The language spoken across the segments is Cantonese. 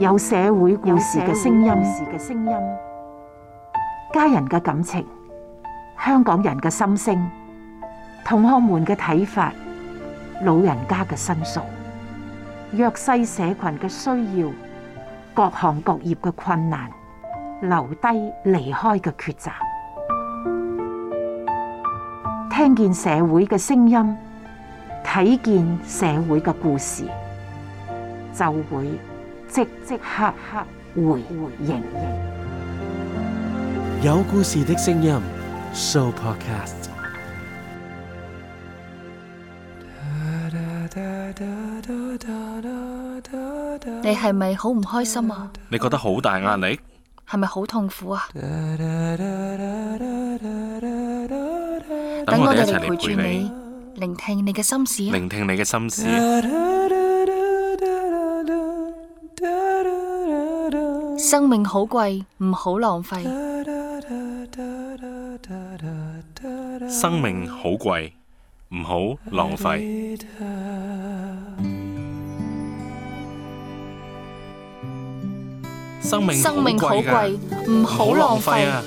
有社會故事嘅聲音嘅聲音，家人嘅感情，香港人嘅心聲，同學們嘅睇法，老人家嘅申訴，弱勢社群嘅需要，各行各業嘅困難，留低離開嘅抉擇，聽見社會嘅聲音，睇見社會嘅故事，就會。.即即刻刻回回應應，有故事的聲音，So Podcast。你係咪好唔開心啊？你覺得好大壓力？係咪好痛苦啊？等我哋一齊嚟陪住你，聆聽你嘅心事，聆聽你嘅心事。生命好貴，唔好浪費。生命好貴，唔好浪費。生命生命好貴，唔好浪費啊！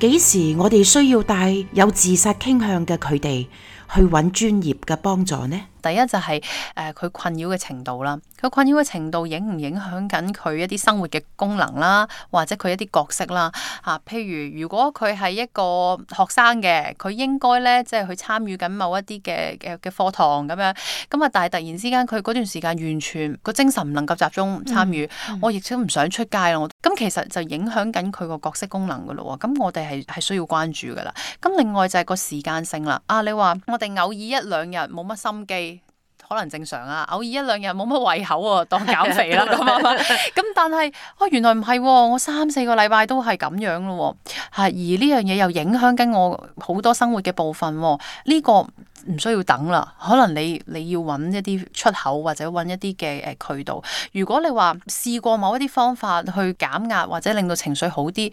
幾時我哋需要帶有自殺傾向嘅佢哋去揾專業嘅幫助呢？第一就係誒佢困擾嘅程度啦，佢困擾嘅程度影唔影響緊佢一啲生活嘅功能啦，或者佢一啲角色啦嚇、啊。譬如如果佢係一個學生嘅，佢應該咧即係佢參與緊某一啲嘅嘅嘅課堂咁樣，咁啊但係突然之間佢嗰段時間完全個精神唔能夠集中參與，嗯、我亦都唔想出街啦。我咁、嗯、其實就影響緊佢個角色功能噶咯喎。咁我哋係係需要關注噶啦。咁另外就係個時間性啦。啊，你話我哋偶爾一兩日冇乜心機。可能正常啊，偶爾一兩日冇乜胃口喎，當減肥啦咁 但係啊、哦、原來唔係喎，我三四個禮拜都係咁樣咯喎、哦，而呢樣嘢又影響緊我好多生活嘅部分喎、哦，呢、呢個唔需要等啦，可能你你要揾一啲出口或者揾一啲嘅渠道，如果你話試過某一啲方法去減壓或者令到情緒好啲，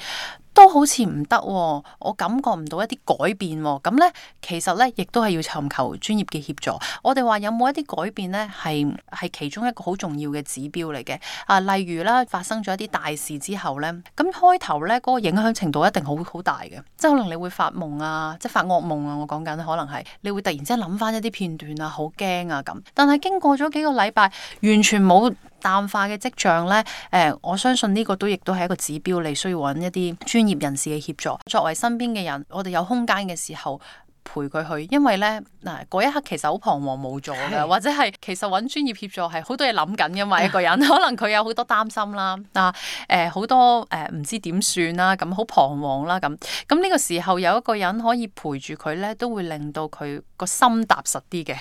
都好似唔得，我感覺唔到一啲改變喎。咁咧，其實咧亦都係要尋求專業嘅協助。我哋話有冇一啲改變咧，係係其中一個好重要嘅指標嚟嘅。啊，例如啦，發生咗一啲大事之後咧，咁開頭咧嗰個影響程度一定好好大嘅，即係可能你會發夢啊，即係發惡夢啊。我講緊可能係你會突然之間諗翻一啲片段啊，好驚啊咁。但係經過咗幾個禮拜，完全冇。淡化嘅跡象咧，誒、呃，我相信呢個都亦都係一個指標，你需要揾一啲專業人士嘅協助。作為身邊嘅人，我哋有空間嘅時候陪佢去，因為咧，嗱，嗰一刻其實好彷徨無助嘅，是或者係其實揾專業協助係好多嘢諗緊，因為一個人可能佢有好多擔心啦，嗱，誒好多誒唔、呃、知點算啦，咁好彷徨啦，咁咁呢個時候有一個人可以陪住佢咧，都會令到佢個心踏實啲嘅。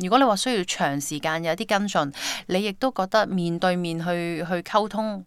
如果你話需要長時間有啲跟進，你亦都覺得面對面去去溝通。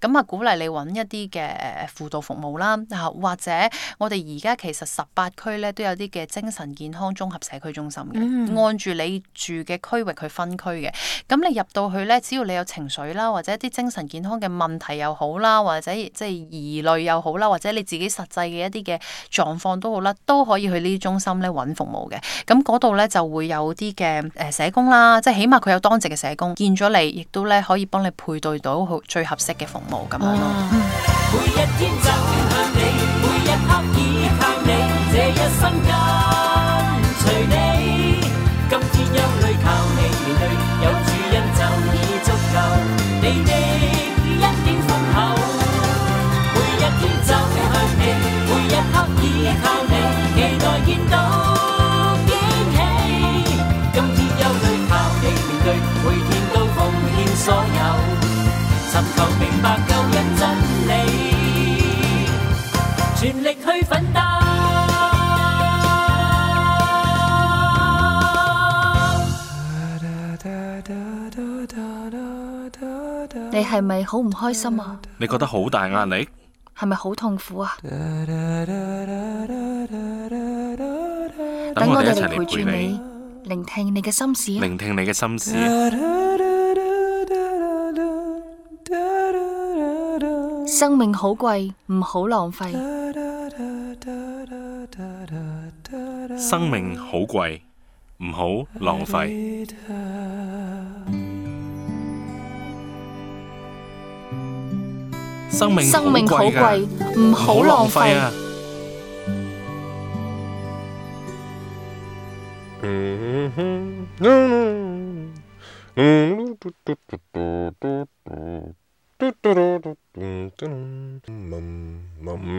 咁啊，鼓勵你揾一啲嘅誒輔導服務啦，吓或者我哋而家其實十八區咧都有啲嘅精神健康綜合社區中心嘅，嗯嗯按住你住嘅區域去分區嘅。咁你入到去咧，只要你有情緒啦，或者一啲精神健康嘅問題又好啦，或者即係疑慮又好啦，或者你自己實際嘅一啲嘅狀況都好啦，都可以去呢啲中心咧揾服務嘅。咁嗰度咧就會有啲嘅誒社工啦，即係起碼佢有當值嘅社工，見咗你，亦都咧可以幫你配對到好最合適。嘅服務咁樣咯。你係咪好唔開心啊？你覺得好大壓力？係咪好痛苦啊？等我哋一齊嚟陪住你，聆聽你嘅心事，聆聽你嘅心事。生命好貴，唔好浪費。生命好貴，唔好浪費。生命好貴，唔好浪費啊！